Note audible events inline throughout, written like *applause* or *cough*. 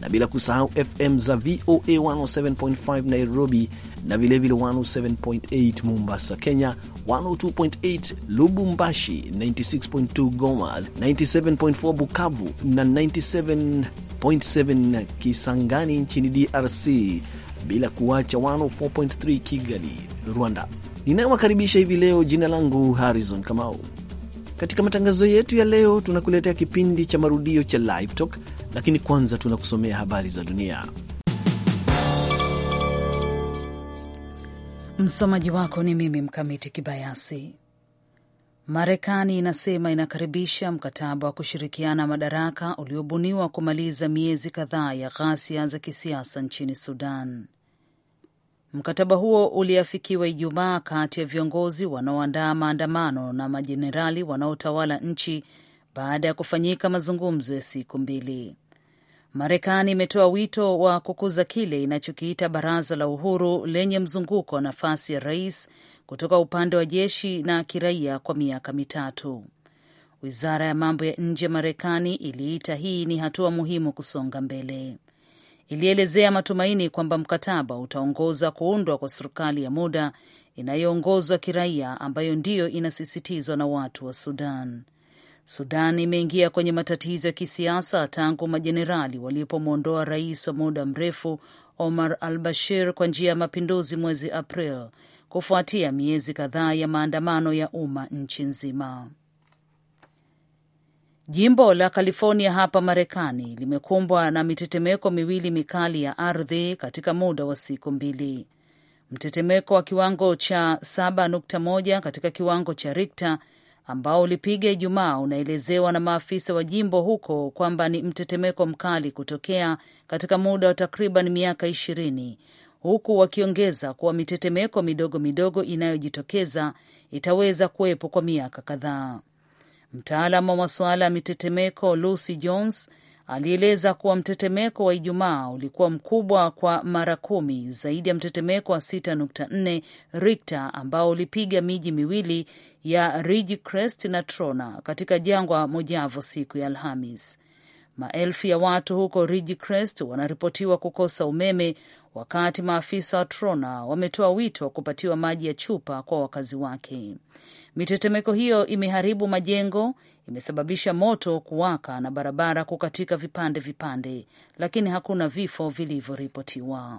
na bila kusahau FM za VOA 107.5 Nairobi na vilevile 107.8 Mombasa, Kenya, 102.8 Lubumbashi, 96.2 Goma, 97.4 Bukavu na 97.7 Kisangani nchini DRC, bila kuacha 104.3 Kigali, Rwanda. Ninayowakaribisha hivi leo, jina langu Harrison Kamau. Katika matangazo yetu ya leo, tunakuletea kipindi cha marudio cha Live Talk lakini kwanza tunakusomea habari za dunia. Msomaji wako ni mimi Mkamiti Kibayasi. Marekani inasema inakaribisha mkataba wa kushirikiana madaraka uliobuniwa kumaliza miezi kadhaa ya ghasia za kisiasa nchini Sudan. Mkataba huo uliafikiwa Ijumaa kati ya viongozi wanaoandaa maandamano na majenerali wanaotawala nchi baada ya kufanyika mazungumzo ya siku mbili. Marekani imetoa wito wa kukuza kile inachokiita baraza la uhuru lenye mzunguko wa nafasi ya rais kutoka upande wa jeshi na kiraia kwa miaka mitatu. Wizara ya mambo ya nje ya Marekani iliita hii ni hatua muhimu kusonga mbele. Ilielezea matumaini kwamba mkataba utaongoza kuundwa kwa serikali ya muda inayoongozwa kiraia ambayo ndiyo inasisitizwa na watu wa Sudan. Sudan imeingia kwenye matatizo ya kisiasa tangu majenerali walipomwondoa rais wa muda mrefu Omar al Bashir kwa njia ya mapinduzi mwezi April, kufuatia miezi kadhaa ya maandamano ya umma nchi nzima. Jimbo la California hapa Marekani limekumbwa na mitetemeko miwili mikali ya ardhi katika muda wa siku mbili. Mtetemeko wa kiwango cha 7.1 katika kiwango cha Richter ambao ulipiga Ijumaa unaelezewa na maafisa wa jimbo huko kwamba ni mtetemeko mkali kutokea katika muda wa takriban miaka ishirini, huku wakiongeza kuwa mitetemeko midogo midogo inayojitokeza itaweza kuwepo kwa miaka kadhaa. Mtaalamu wa masuala ya mitetemeko Lucy Jones alieleza kuwa mtetemeko wa Ijumaa ulikuwa mkubwa kwa mara kumi zaidi ya mtetemeko wa 6.4 Richter ambao ulipiga miji miwili ya Ridgecrest na Trona katika jangwa mojavo siku ya Alhamis. Maelfu ya watu huko Ridgecrest wanaripotiwa kukosa umeme, wakati maafisa wa Trona wametoa wito wa kupatiwa maji ya chupa kwa wakazi wake. Mitetemeko hiyo imeharibu majengo, imesababisha moto kuwaka na barabara kukatika vipande vipande, lakini hakuna vifo vilivyoripotiwa.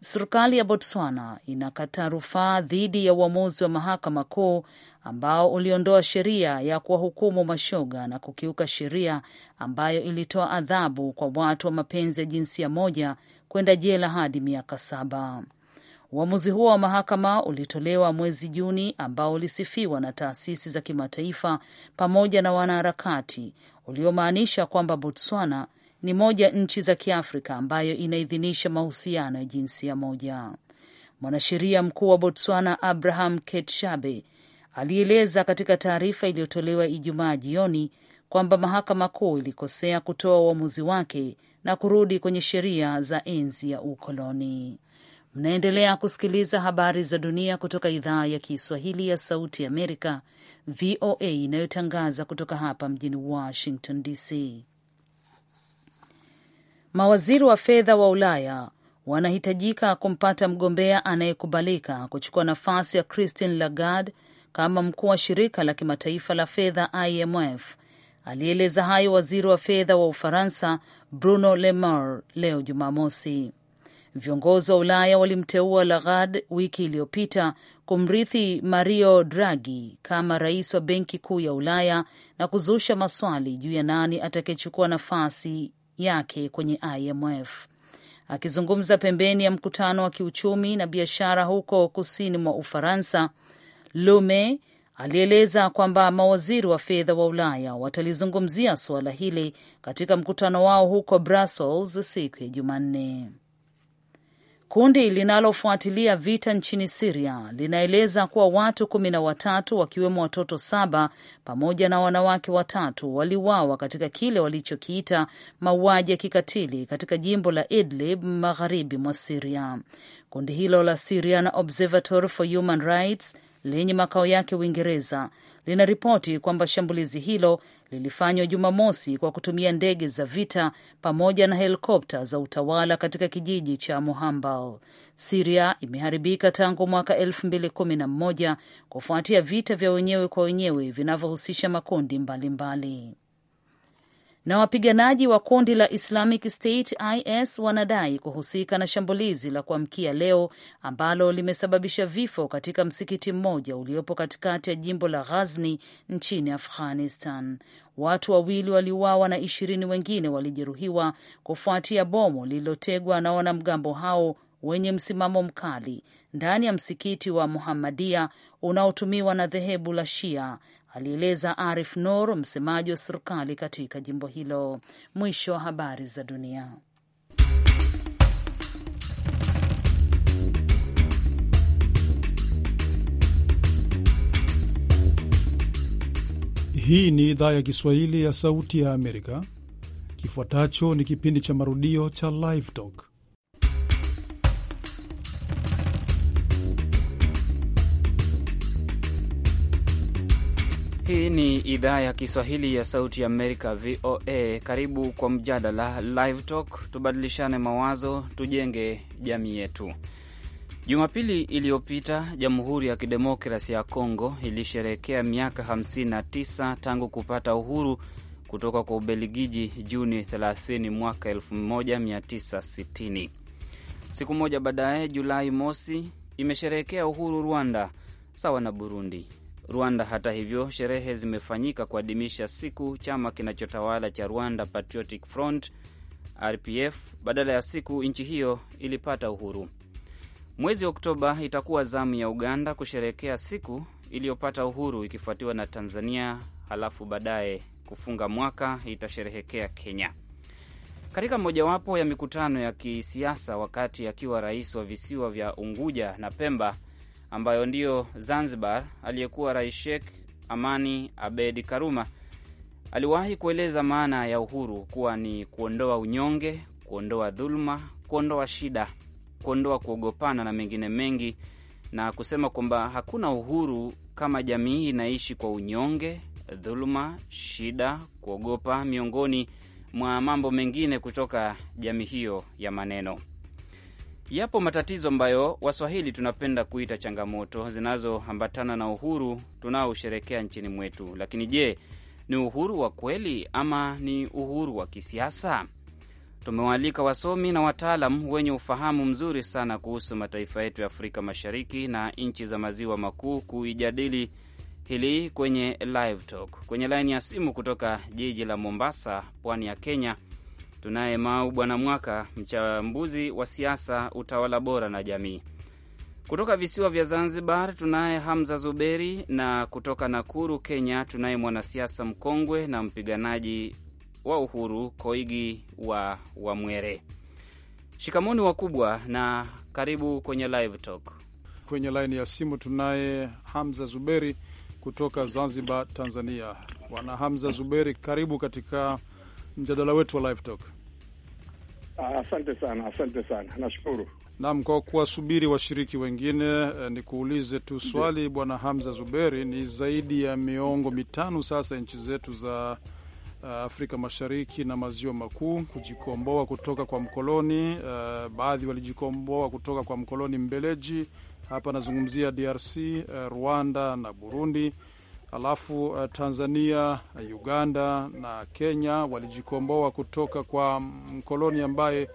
Serikali ya Botswana inakata rufaa dhidi ya uamuzi wa mahakama kuu ambao uliondoa sheria ya kuwahukumu mashoga na kukiuka sheria ambayo ilitoa adhabu kwa watu wa mapenzi ya jinsia moja kwenda jela hadi miaka saba. Uamuzi huo wa mahakama ulitolewa mwezi Juni, ambao ulisifiwa na taasisi za kimataifa pamoja na wanaharakati, uliomaanisha kwamba Botswana ni moja nchi za Kiafrika ambayo inaidhinisha mahusiano ya jinsia moja. Mwanasheria mkuu wa Botswana Abraham Ketshabe alieleza katika taarifa iliyotolewa Ijumaa jioni kwamba mahakama kuu ilikosea kutoa uamuzi wake na kurudi kwenye sheria za enzi ya ukoloni. Mnaendelea kusikiliza habari za dunia kutoka idhaa ya Kiswahili ya Sauti Amerika, VOA, inayotangaza kutoka hapa mjini Washington DC. Mawaziri wa fedha wa Ulaya wanahitajika kumpata mgombea anayekubalika kuchukua nafasi ya Christine Lagarde kama mkuu wa shirika la kimataifa la fedha IMF. Alieleza hayo waziri wa fedha wa Ufaransa Bruno Le Maire leo Jumamosi. Viongozi wa Ulaya walimteua Lagarde wiki iliyopita kumrithi Mario Draghi kama rais wa Benki Kuu ya Ulaya na kuzusha maswali juu ya nani atakayechukua nafasi yake kwenye IMF. Akizungumza pembeni ya mkutano wa kiuchumi na biashara huko kusini mwa Ufaransa, Lume alieleza kwamba mawaziri wa fedha wa Ulaya watalizungumzia suala hili katika mkutano wao huko Brussels siku ya Jumanne. Kundi linalofuatilia vita nchini Siria linaeleza kuwa watu kumi na watatu wakiwemo watoto saba pamoja na wanawake watatu waliuawa katika kile walichokiita mauaji ya kikatili katika jimbo la Idlib magharibi mwa Siria. Kundi hilo la Syrian Observatory for Human Rights lenye makao yake Uingereza linaripoti kwamba shambulizi hilo lilifanywa Jumamosi kwa kutumia ndege za vita pamoja na helikopta za utawala katika kijiji cha muhambal Siria imeharibika tangu mwaka 2011 kufuatia vita vya wenyewe kwa wenyewe vinavyohusisha makundi mbalimbali mbali na wapiganaji wa kundi la Islamic State IS wanadai kuhusika na shambulizi la kuamkia leo ambalo limesababisha vifo katika msikiti mmoja uliopo katikati ya jimbo la Ghazni nchini Afghanistan. Watu wawili waliuawa na ishirini wengine walijeruhiwa kufuatia bomu lililotegwa na wanamgambo hao wenye msimamo mkali ndani ya msikiti wa Muhammadia unaotumiwa na dhehebu la Shia alieleza Arif Nur, msemaji wa serikali katika jimbo hilo. Mwisho wa habari za dunia. Hii ni idhaa ya Kiswahili ya Sauti ya Amerika. Kifuatacho ni kipindi cha marudio cha Live Talk. Hii ni idhaa ya Kiswahili ya Sauti ya Amerika, VOA. Karibu kwa mjadala Live Talk, tubadilishane mawazo, tujenge jamii yetu. Jumapili iliyopita Jamhuri ya Kidemokrasi ya Kongo ilisherehekea miaka 59 tangu kupata uhuru kutoka kwa Ubelgiji Juni 30 mwaka 1960. Siku moja baadaye, Julai mosi, imesherehekea uhuru Rwanda sawa na Burundi. Rwanda. Hata hivyo, sherehe zimefanyika kuadhimisha siku chama kinachotawala cha Rwanda Patriotic Front RPF badala ya siku nchi hiyo ilipata uhuru. Mwezi Oktoba itakuwa zamu ya Uganda kusherehekea siku iliyopata uhuru ikifuatiwa na Tanzania, halafu baadaye kufunga mwaka itasherehekea Kenya. Katika mojawapo ya mikutano ya kisiasa wakati akiwa rais wa visiwa vya Unguja na Pemba, ambayo ndiyo Zanzibar, aliyekuwa rais Sheikh Amani Abedi karuma aliwahi kueleza maana ya uhuru kuwa ni kuondoa unyonge, kuondoa dhuluma, kuondoa shida, kuondoa kuogopana na mengine mengi, na kusema kwamba hakuna uhuru kama jamii inaishi kwa unyonge, dhuluma, shida, kuogopa, miongoni mwa mambo mengine kutoka jamii hiyo ya maneno. Yapo matatizo ambayo Waswahili tunapenda kuita changamoto zinazoambatana na uhuru tunaosherekea nchini mwetu, lakini je, ni uhuru wa kweli ama ni uhuru wa kisiasa? Tumewaalika wasomi na wataalam wenye ufahamu mzuri sana kuhusu mataifa yetu ya Afrika Mashariki na nchi za maziwa makuu kuijadili hili kwenye Live Talk. Kwenye laini ya simu kutoka jiji la Mombasa, pwani ya Kenya, Tunaye Mau Bwana Mwaka, mchambuzi wa siasa, utawala bora na jamii. Kutoka visiwa vya Zanzibar tunaye Hamza Zuberi, na kutoka Nakuru, Kenya tunaye mwanasiasa mkongwe na mpiganaji wa uhuru Koigi wa Wamwere. Shikamoni wakubwa, na karibu kwenye Live Talk. Kwenye laini ya simu tunaye Hamza Zuberi kutoka Zanzibar, Tanzania. Bwana Hamza Zuberi, karibu katika mjadala wetu wa live talk. Ah, asante sana, asante sana, nashukuru. nam kwa kuwasubiri washiriki wengine, eh, ni kuulize tu swali Bwana Hamza Zuberi. Ni zaidi ya miongo mitano sasa nchi zetu za eh, Afrika Mashariki na Maziwa Makuu kujikomboa kutoka kwa mkoloni. Uh, baadhi walijikomboa kutoka kwa mkoloni Mbeleji. Hapa nazungumzia DRC, Rwanda na Burundi alafu uh, Tanzania, uh, Uganda na Kenya walijikomboa kutoka kwa mkoloni ambaye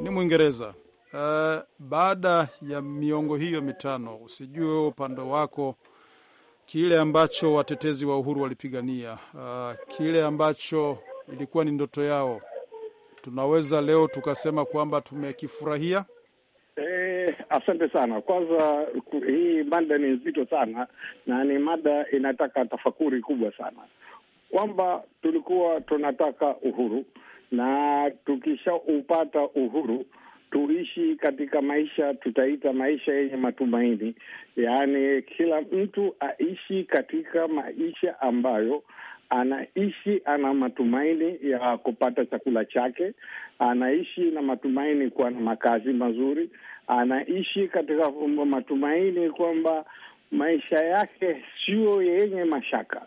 ni Mwingereza. Uh, baada ya miongo hiyo mitano, usijue upande wako kile ambacho watetezi wa uhuru walipigania, uh, kile ambacho ilikuwa ni ndoto yao, tunaweza leo tukasema kwamba tumekifurahia Eh, asante sana. Kwanza hii mada ni nzito sana na ni mada inataka tafakuri kubwa sana, kwamba tulikuwa tunataka uhuru na tukishaupata uhuru tuishi katika maisha tutaita maisha yenye matumaini, yaani kila mtu aishi katika maisha ambayo anaishi, ana matumaini ya kupata chakula chake, anaishi na matumaini kuwa na makazi mazuri, anaishi katika matumaini kwamba maisha yake sio yenye mashaka.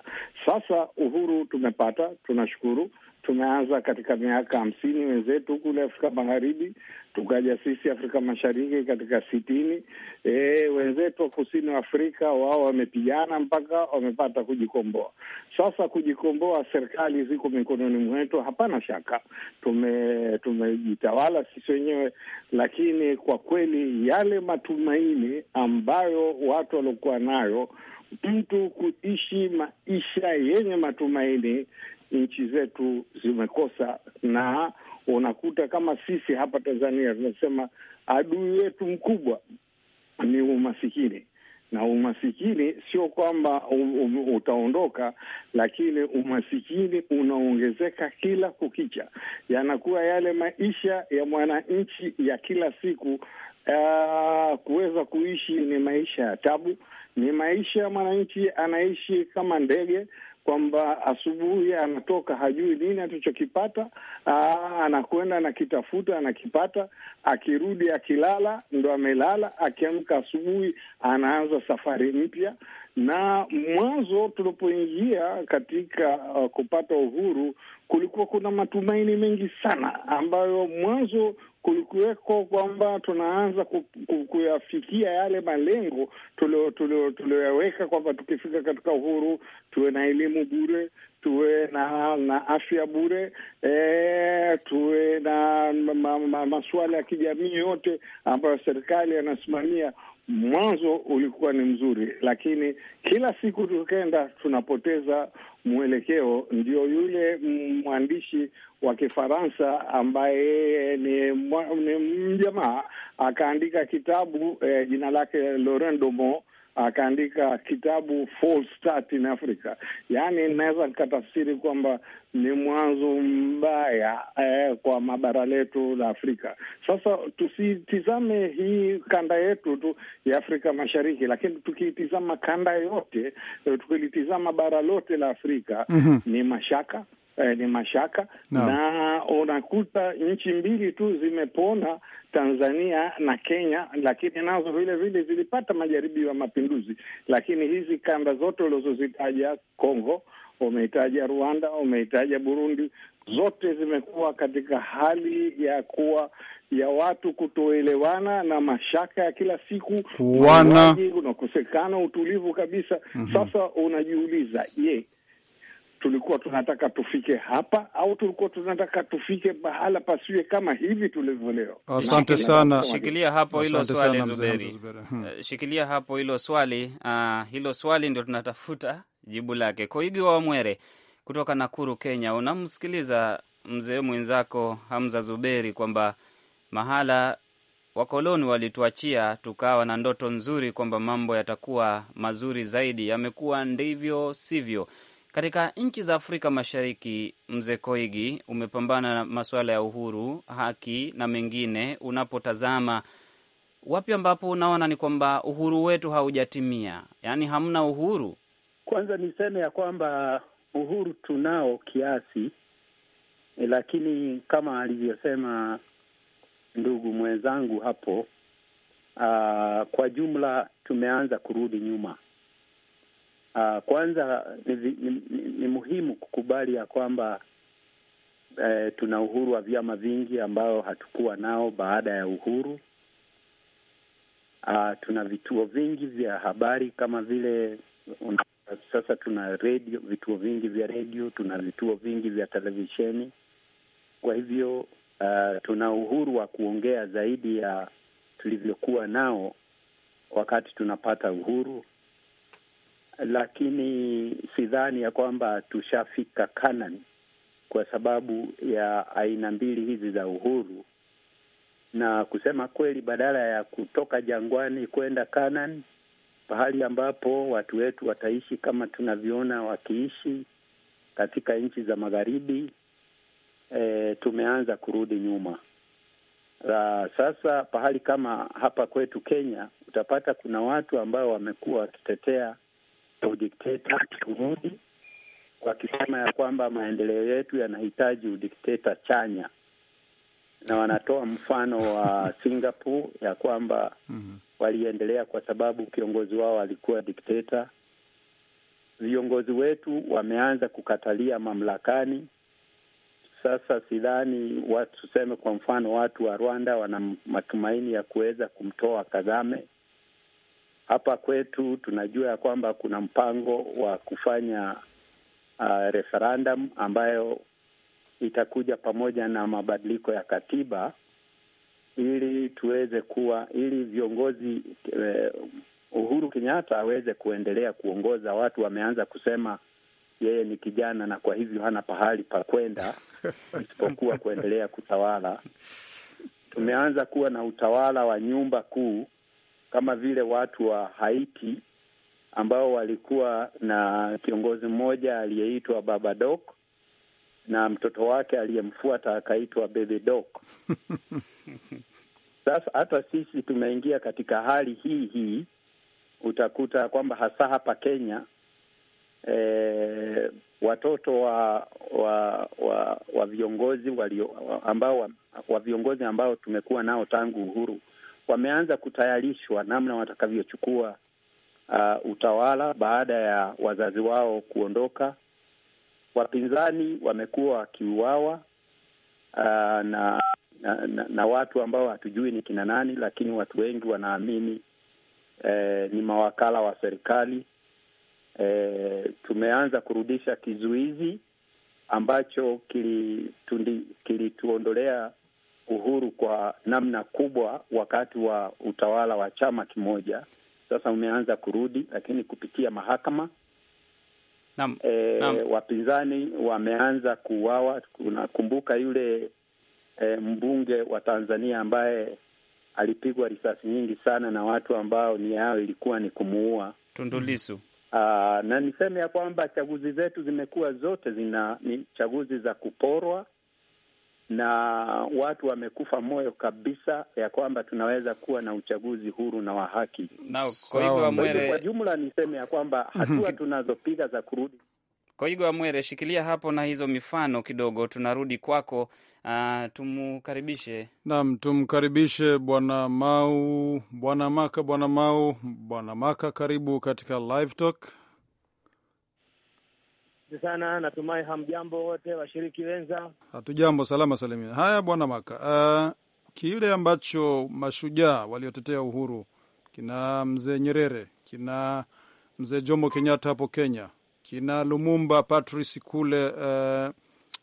Sasa uhuru tumepata, tunashukuru tumeanza katika miaka hamsini, wenzetu kule Afrika Magharibi, tukaja sisi Afrika Mashariki katika sitini. E, wenzetu wa kusini wa Afrika wao wamepigana mpaka wamepata kujikomboa. Sasa kujikomboa, serikali ziko mikononi mwetu, hapana shaka, tume tumejitawala sisi wenyewe, lakini kwa kweli yale matumaini ambayo watu waliokuwa nayo mtu kuishi maisha yenye matumaini nchi zetu zimekosa, na unakuta kama sisi hapa Tanzania tunasema adui yetu mkubwa ni umasikini na umasikini sio kwamba um, um, utaondoka, lakini umasikini unaongezeka kila kukicha. Yanakuwa yale maisha ya mwananchi ya kila siku uh, kuweza kuishi ni maisha ya tabu, ni maisha ya mwananchi anaishi kama ndege kwamba asubuhi anatoka hajui nini atachokipata, anakwenda anakitafuta, anakipata, akirudi akilala ndo amelala, akiamka asubuhi anaanza safari mpya, na mwanzo tulipoingia katika uh, kupata uhuru kulikuwa kuna matumaini mengi sana ambayo mwanzo kulikuweko kwamba tunaanza kuyafikia yale malengo tulioyaweka kwamba tukifika katika uhuru tuwe na elimu bure, tuwe na na afya bure e, tuwe na ma, ma, masuala ya kijamii yote ambayo serikali yanasimamia mwanzo ulikuwa ni mzuri, lakini kila siku tukenda tunapoteza mwelekeo. Ndio yule mwandishi wa Kifaransa ambaye ni, ni mjamaa akaandika kitabu eh, jina lake Laurent domont akaandika kitabu False Start in Africa, yaani inaweza nikatafsiri kwamba ni mwanzo mbaya eh, kwa mabara letu la Afrika. Sasa tusitizame hii kanda yetu tu ya Afrika Mashariki, lakini tukiitizama kanda yote, eh, tukilitizama bara lote la Afrika mm -hmm. ni mashaka eh, ni mashaka no. Na unakuta nchi mbili tu zimepona, Tanzania na Kenya, lakini nazo vile vile zilipata majaribio ya mapinduzi. Lakini hizi kanda zote ulizozitaja, Kongo umeitaja, Rwanda umeitaja, Burundi, zote zimekuwa katika hali ya kuwa ya watu kutoelewana na mashaka ya kila siku, unakosekana utulivu kabisa. mm -hmm. Sasa unajiuliza je, tulikuwa tunataka tufike hapa au tulikuwa tunataka tufike mahala pasiwe kama hivi tulivyo leo? Asante sana. Shikilia hapo hilo swali Zuberi, hmm. eh, shikilia hapo hilo swali. Uh, hilo swali ndio tunatafuta jibu lake. Koigi wa Wamwere kutoka Nakuru, Kenya, unamsikiliza mzee mwenzako Hamza Zuberi kwamba mahala wakoloni walituachia tukawa na ndoto nzuri kwamba mambo yatakuwa mazuri zaidi, yamekuwa ndivyo sivyo. Katika nchi za Afrika Mashariki, mzee Koigi, umepambana na masuala ya uhuru, haki na mengine. Unapotazama wapi ambapo unaona ni kwamba uhuru wetu haujatimia, yaani hamna uhuru? Kwanza niseme ya kwamba uhuru tunao kiasi, eh, lakini kama alivyosema ndugu mwenzangu hapo, uh, kwa jumla tumeanza kurudi nyuma Uh, kwanza ni, ni, ni muhimu kukubali ya kwamba eh, tuna uhuru wa vyama vingi ambao hatukuwa nao baada ya uhuru. Uh, tuna vituo vingi vya habari kama vile una, sasa tuna redio, vituo vingi vya redio, tuna vituo vingi vya televisheni. Kwa hivyo uh, tuna uhuru wa kuongea zaidi ya tulivyokuwa nao wakati tunapata uhuru lakini sidhani ya kwamba tushafika Kanani kwa sababu ya aina mbili hizi za uhuru. Na kusema kweli, badala ya kutoka jangwani kwenda Kanani, pahali ambapo watu wetu wataishi kama tunavyoona wakiishi katika nchi za magharibi, e, tumeanza kurudi nyuma. La, sasa pahali kama hapa kwetu Kenya utapata kuna watu ambao wamekuwa wakitetea ya udikteta kurudi, wakisema ya kwamba maendeleo yetu yanahitaji udikteta chanya, na wanatoa mfano wa *laughs* Singapore ya kwamba mm -hmm. waliendelea kwa sababu kiongozi wao alikuwa dikteta. Viongozi wetu wameanza kukatalia mamlakani. Sasa sidhani watu tuseme, kwa mfano watu wa Rwanda wana matumaini ya kuweza kumtoa Kagame, hapa kwetu tunajua ya kwamba kuna mpango wa kufanya uh, referendum ambayo itakuja pamoja na mabadiliko ya katiba ili tuweze kuwa ili viongozi uh, Uhuru Kenyatta aweze kuendelea kuongoza. Watu wameanza kusema yeye ni kijana na kwa hivyo hana pahali pa kwenda *laughs* isipokuwa kuendelea kutawala. Tumeanza kuwa na utawala wa nyumba kuu kama vile watu wa Haiti ambao walikuwa na kiongozi mmoja aliyeitwa Baba Doc na mtoto wake aliyemfuata akaitwa Bebe Doc. *laughs* Sasa hata sisi tumeingia katika hali hii hii, utakuta kwamba hasa hapa Kenya e, watoto wa wa wa, wa viongozi walio ambao wa, wa viongozi ambao tumekuwa nao tangu uhuru wameanza kutayarishwa namna watakavyochukua uh, utawala baada ya wazazi wao kuondoka. Wapinzani wamekuwa wakiuawa uh, na, na, na, na watu ambao hatujui ni kina nani, lakini watu wengi wanaamini eh, ni mawakala wa serikali. Eh, tumeanza kurudisha kizuizi ambacho kilituondolea uhuru kwa namna kubwa wakati wa utawala wa chama kimoja. Sasa umeanza kurudi, lakini kupitia mahakama nam, e, nam. Wapinzani wameanza kuuawa. Unakumbuka yule e, mbunge wa Tanzania ambaye alipigwa risasi nyingi sana na watu ambao nia yao ilikuwa ni kumuua Tundu Lissu. Aa, na niseme ya kwamba chaguzi zetu zimekuwa zote zina ni chaguzi za kuporwa na watu wamekufa moyo kabisa ya kwamba tunaweza kuwa na uchaguzi huru na wa haki. Kwa jumla niseme ya kwamba mhm. hatua tunazopiga za kurudi Koigo Amwere, shikilia hapo na hizo mifano kidogo, tunarudi kwako. Uh, tumkaribishe nam, tumkaribishe bwana Mau, bwana Maka, bwana Mau, bwana Maka, karibu katika Live Talk sana. Natumai hamjambo wote washiriki wenza. Hatujambo, salama salimia. Haya bwana Maka, uh, kile ambacho mashujaa waliotetea uhuru kina mzee Nyerere, kina mzee Jomo Kenyatta hapo Kenya, kina Lumumba Patrice kule uh, eh,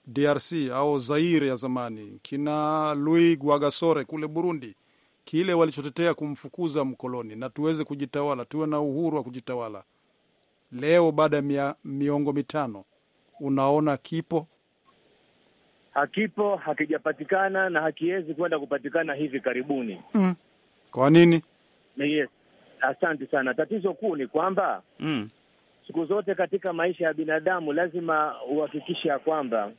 DRC au Zaire ya zamani, kina Louis guagasore kule Burundi, kile walichotetea kumfukuza mkoloni na tuweze kujitawala, tuwe na uhuru wa kujitawala leo baada ya miongo mitano, unaona kipo? Hakipo, hakijapatikana na hakiwezi kwenda kupatikana hivi karibuni. Mm. Kwa nini? Yes. Asante sana. Tatizo kuu ni kwamba mm. siku zote katika maisha ya binadamu lazima uhakikishe ya kwamba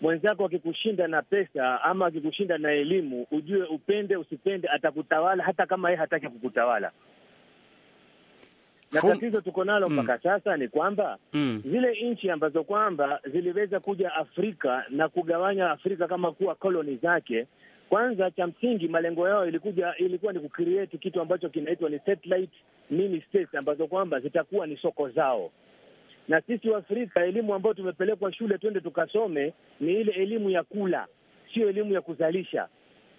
mwenzako akikushinda na pesa ama akikushinda na elimu, ujue upende usipende, atakutawala hata kama yeye hataki kukutawala na tatizo tuko nalo mm. mpaka mm. sasa ni kwamba mm. zile nchi ambazo kwamba ziliweza kuja Afrika na kugawanya Afrika kama kuwa koloni zake, kwanza cha msingi malengo yao ilikuja ilikuwa ni kucreate kitu ambacho kinaitwa ni satellite mini states ambazo kwamba zitakuwa ni soko zao na sisi Waafrika elimu ambayo tumepelekwa shule twende tukasome ni ile elimu ya kula, sio elimu ya kuzalisha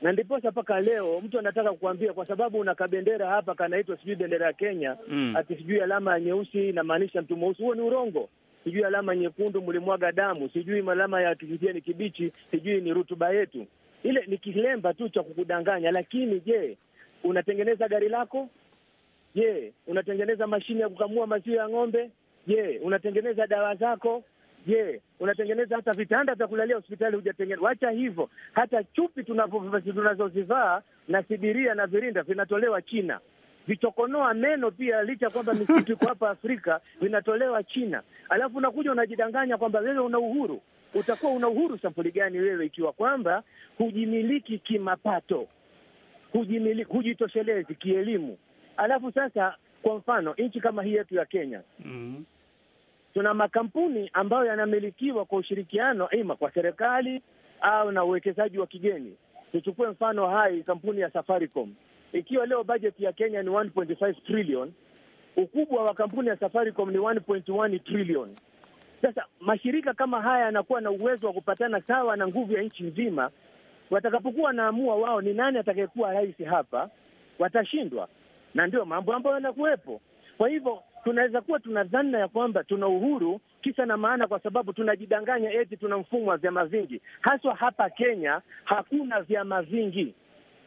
na ndiposa mpaka leo mtu anataka kukuambia, kwa sababu una kabendera hapa kanaitwa sijui bendera ya Kenya mm. ati sijui alama ya nyeusi inamaanisha mtu mweusi. Huo ni urongo. Sijui alama nyekundu mlimwaga damu, sijui alama ya kijani kibichi, sijui ni rutuba yetu. Ile ni kilemba tu cha kukudanganya. Lakini je, unatengeneza gari lako? Je, unatengeneza mashine ya kukamua maziwa ya ng'ombe? Je, unatengeneza dawa zako? Je, unatengeneza hata vitanda vya kulalia hospitali hujatengeneza? Wacha hivyo, hata chupi tunazozivaa na sibiria na virinda vinatolewa China vichokonoa meno pia, licha kwamba misitu iko hapa Afrika, vinatolewa China. Alafu unakuja unajidanganya kwamba wewe una uhuru. Utakuwa una uhuru sampuli gani wewe, ikiwa kwamba hujimiliki kimapato, hujimiliki, hujitoshelezi kielimu? Alafu sasa, kwa mfano nchi kama hii yetu ya Kenya mm -hmm tuna makampuni ambayo yanamilikiwa kwa ushirikiano ima kwa serikali au na uwekezaji wa kigeni. Tuchukue mfano hai, kampuni ya Safaricom. Ikiwa leo bajeti ya Kenya ni 1.5 trillion, ukubwa wa kampuni ya Safaricom ni 1.1 trillion. Sasa mashirika kama haya yanakuwa na uwezo wa kupatana sawa na nguvu ya nchi nzima. Watakapokuwa wanaamua wao ni nani atakayekuwa rais hapa, watashindwa, na ndio mambo ambayo yanakuwepo. Kwa hivyo tunaweza kuwa tuna dhana ya kwamba tuna uhuru kisa na maana, kwa sababu tunajidanganya eti tuna mfumo wa vyama vingi. Haswa hapa Kenya hakuna vyama vingi,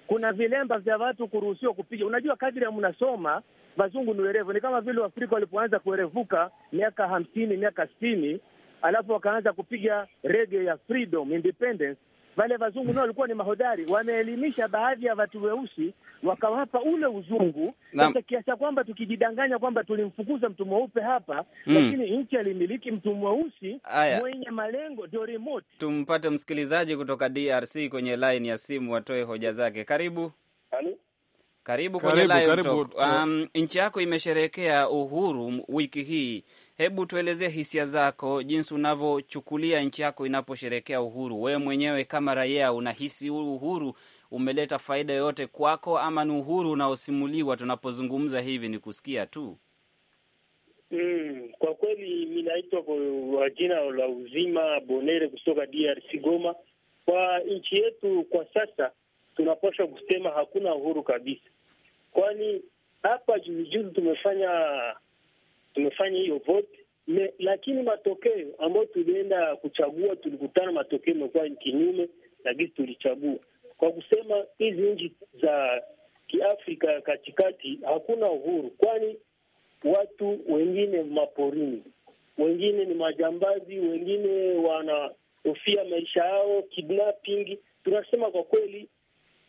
kuna vilemba vya watu kuruhusiwa kupiga. Unajua, kadri ya mnasoma wazungu ni werevu, ni kama vile Waafrika walipoanza kuerevuka miaka hamsini miaka sitini alafu wakaanza kupiga rege ya freedom independence wale wazungu nao walikuwa ni mahodari, wameelimisha baadhi ya watu weusi, wakawapa ule uzungu sasa, kiasi kwamba tukijidanganya kwamba tulimfukuza mtu mweupe hapa mm, lakini nchi alimiliki mtu mweusi mwenye malengo ndio remote. Tumpate msikilizaji kutoka DRC kwenye line ya simu, watoe hoja zake. Karibu, karibu, karibu kwenye live talk. Um, nchi yako imesherehekea uhuru wiki hii Hebu tuelezee hisia zako, jinsi unavyochukulia nchi yako inaposherekea uhuru. Wewe mwenyewe kama raia, unahisi huu uhuru umeleta faida yoyote kwako, ama ni uhuru unaosimuliwa? Tunapozungumza hivi ni kusikia tu. Mm, kwa kweli mi naitwa kwa jina la uzima Bonere kutoka DRC Goma. Kwa nchi yetu kwa sasa tunapaswa kusema hakuna uhuru kabisa, kwani hapa juzijuzi tumefanya tumefanya hiyo vote me, lakini matokeo ambayo tulienda kuchagua tulikutana matokeo imekuwa kinyume na gisi tulichagua. Kwa kusema hizi nchi za Kiafrika katikati hakuna uhuru, kwani watu wengine maporini, wengine ni majambazi, wengine wanahofia maisha yao, kidnapping. Tunasema kwa kweli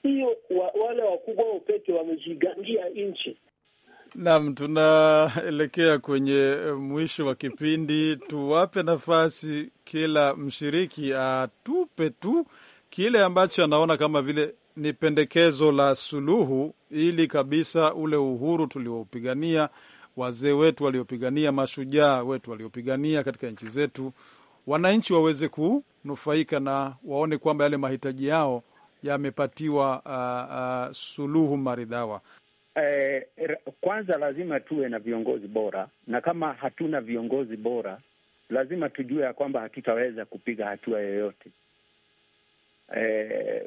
hiyo wa, wale wakubwa wao peke wamejigangia nchi Naam, tunaelekea kwenye eh, mwisho wa kipindi. Tuwape nafasi kila mshiriki atupe tu kile ambacho anaona kama vile ni pendekezo la suluhu, ili kabisa ule uhuru tuliopigania wazee wetu waliopigania, mashujaa wetu waliopigania katika nchi zetu, wananchi waweze kunufaika na waone kwamba yale mahitaji yao yamepatiwa uh, uh, suluhu maridhawa eh, er, kwanza lazima tuwe na viongozi bora, na kama hatuna viongozi bora, lazima tujue ya kwamba hatutaweza kupiga hatua yoyote. Eh,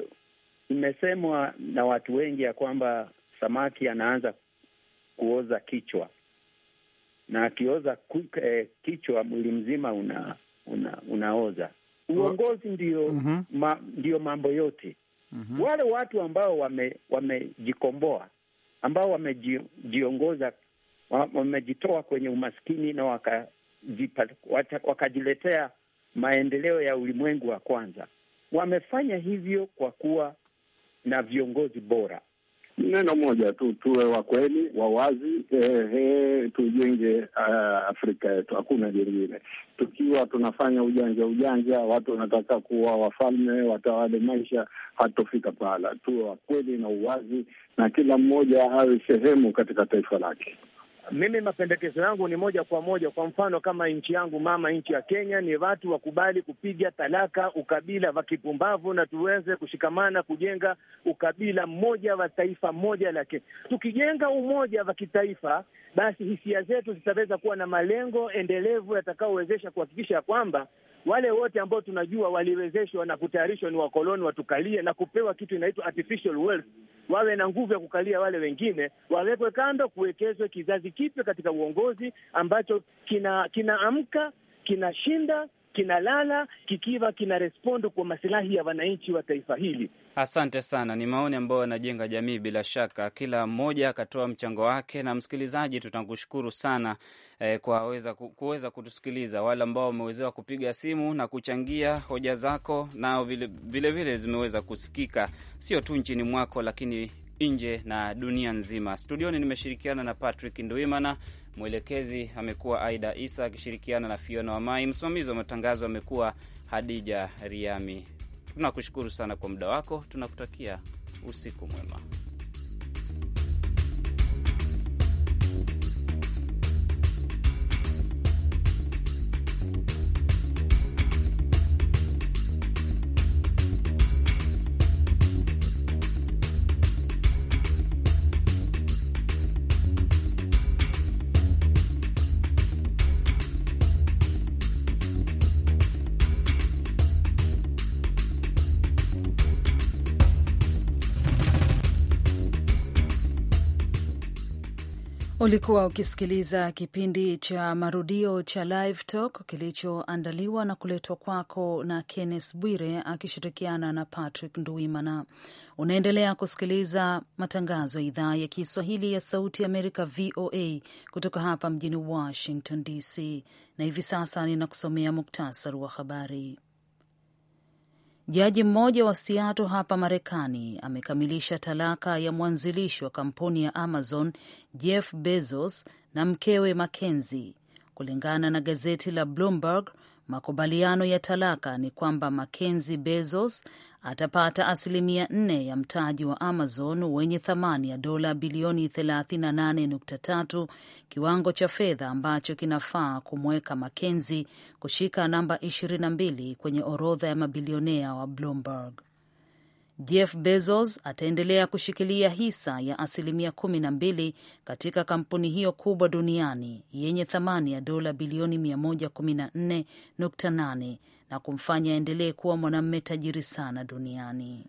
imesemwa na watu wengi ya kwamba samaki anaanza kuoza kichwa, na akioza eh, kichwa mwili mzima una, una, unaoza. Uongozi ndio, mm -hmm. ma, ndio mambo yote mm -hmm. Wale watu ambao wame, wamejikomboa ambao wamejiongoza wamejitoa kwenye umaskini na wakajiletea wakajiletea maendeleo ya ulimwengu wa kwanza. Wamefanya hivyo kwa kuwa na viongozi bora neno moja tu, tuwe wa kweli wa wazi eh, eh, tujenge uh, Afrika yetu, hakuna jingine. Tukiwa tunafanya ujanja ujanja, watu wanataka kuwa wafalme, watawale maisha, hatofika pahala. Tuwe wa kweli na uwazi, na kila mmoja awe sehemu katika taifa lake. Mimi mapendekezo yangu ni moja kwa moja. Kwa mfano kama nchi yangu mama, nchi ya Kenya, ni watu wakubali kupiga talaka ukabila wa kipumbavu, na tuweze kushikamana kujenga ukabila mmoja wa taifa moja la Kenya. Tukijenga umoja wa kitaifa, basi hisia zetu zitaweza kuwa na malengo endelevu yatakayowezesha kuhakikisha kwamba wale wote ambao tunajua waliwezeshwa na kutayarishwa ni wakoloni watukalie na kupewa kitu inaitwa artificial wealth, wawe na nguvu ya kukalia wale wengine, wawekwe kando, kuwekezwe kizazi kipya katika uongozi ambacho kinaamka kina kinashinda kinalala kikiwa kina respond kwa masilahi ya wananchi wa taifa hili. Asante sana, ni maoni ambayo yanajenga jamii. Bila shaka kila mmoja akatoa mchango wake, na msikilizaji, tutakushukuru sana eh, kwa weza, kuweza kutusikiliza. Wale ambao wamewezewa kupiga simu na kuchangia hoja zako, nao vilevile vile zimeweza kusikika, sio tu nchini mwako, lakini nje na dunia nzima. Studioni nimeshirikiana na Patrick Ndwimana, mwelekezi amekuwa Aida Isa akishirikiana na Fiona Wamai, msimamizi wa matangazo amekuwa Hadija Riami. Tunakushukuru sana kwa muda wako, tunakutakia usiku mwema. Ulikuwa ukisikiliza kipindi cha marudio cha Live Talk kilichoandaliwa na kuletwa kwako na Kenneth Bwire akishirikiana na Patrick Nduimana. Unaendelea kusikiliza matangazo ya idhaa ya Kiswahili ya Sauti Amerika, VOA, kutoka hapa mjini Washington DC, na hivi sasa ninakusomea muktasari wa habari. Jaji mmoja wa Seattle hapa Marekani amekamilisha talaka ya mwanzilishi wa kampuni ya Amazon Jeff Bezos na mkewe Mackenzie, kulingana na gazeti la Bloomberg makubaliano ya talaka ni kwamba Makenzi Bezos atapata asilimia nne ya mtaji wa Amazon wenye thamani ya dola bilioni 38.3, kiwango cha fedha ambacho kinafaa kumweka Makenzi kushika namba 22 kwenye orodha ya mabilionea wa Bloomberg. Jeff Bezos ataendelea kushikilia hisa ya asilimia kumi na mbili katika kampuni hiyo kubwa duniani yenye thamani ya dola bilioni 114.8 na kumfanya aendelee kuwa mwanamume tajiri sana duniani.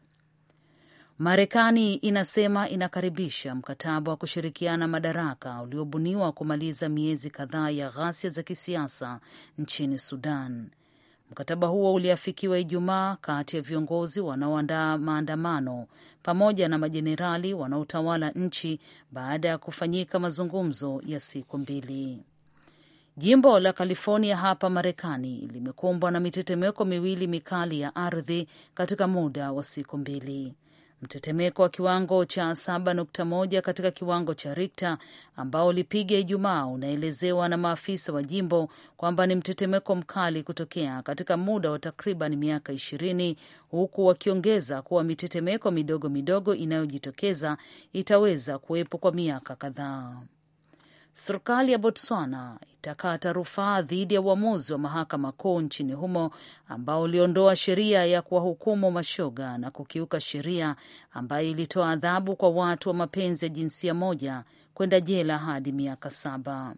Marekani inasema inakaribisha mkataba wa kushirikiana madaraka uliobuniwa kumaliza miezi kadhaa ya ghasia za kisiasa nchini Sudan. Mkataba huo uliafikiwa Ijumaa kati ya viongozi wanaoandaa maandamano pamoja na majenerali wanaotawala nchi baada ya kufanyika mazungumzo ya siku mbili. Jimbo la California hapa Marekani limekumbwa na mitetemeko miwili mikali ya ardhi katika muda wa siku mbili mtetemeko wa kiwango cha 7.1 katika kiwango cha rikta ambao ulipiga Ijumaa unaelezewa na maafisa wa jimbo kwamba ni mtetemeko mkali kutokea katika muda wa takriban miaka ishirini, huku wakiongeza kuwa mitetemeko midogo midogo inayojitokeza itaweza kuwepo kwa miaka kadhaa. Serikali ya Botswana itakata rufaa dhidi ya uamuzi wa mahakama kuu nchini humo ambao uliondoa sheria ya kuwahukumu mashoga na kukiuka sheria ambayo ilitoa adhabu kwa watu wa mapenzi ya jinsia moja kwenda jela hadi miaka saba.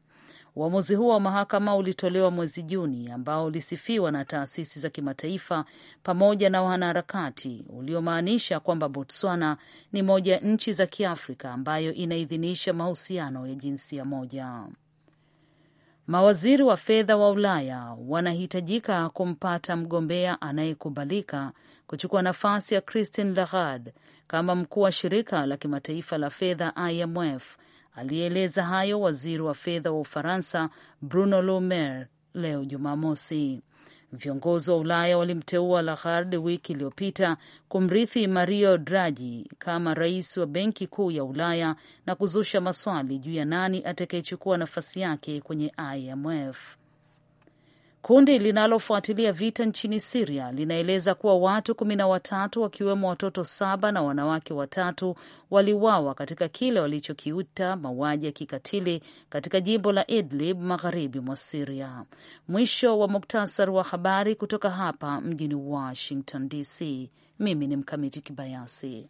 Uamuzi huo wa mahakama ulitolewa mwezi Juni, ambao ulisifiwa na taasisi za kimataifa pamoja na wanaharakati, uliomaanisha kwamba Botswana ni moja ya nchi za Kiafrika ambayo inaidhinisha mahusiano ya jinsia moja. Mawaziri wa fedha wa Ulaya wanahitajika kumpata mgombea anayekubalika kuchukua nafasi ya Christine Lagarde kama mkuu wa shirika la kimataifa la fedha IMF Alieleza hayo waziri wa fedha wa Ufaransa Bruno Le Maire leo Jumamosi. Viongozi wa Ulaya walimteua Lagarde wiki iliyopita kumrithi Mario Draghi kama rais wa benki kuu ya Ulaya na kuzusha maswali juu ya nani atakayechukua nafasi yake kwenye IMF. Kundi linalofuatilia vita nchini Siria linaeleza kuwa watu kumi na watatu wakiwemo watoto saba na wanawake watatu waliuawa katika kile walichokiuta mauaji ya kikatili katika jimbo la Idlib magharibi mwa Siria. Mwisho wa muktasar wa habari kutoka hapa mjini Washington DC. Mimi ni Mkamiti Kibayasi.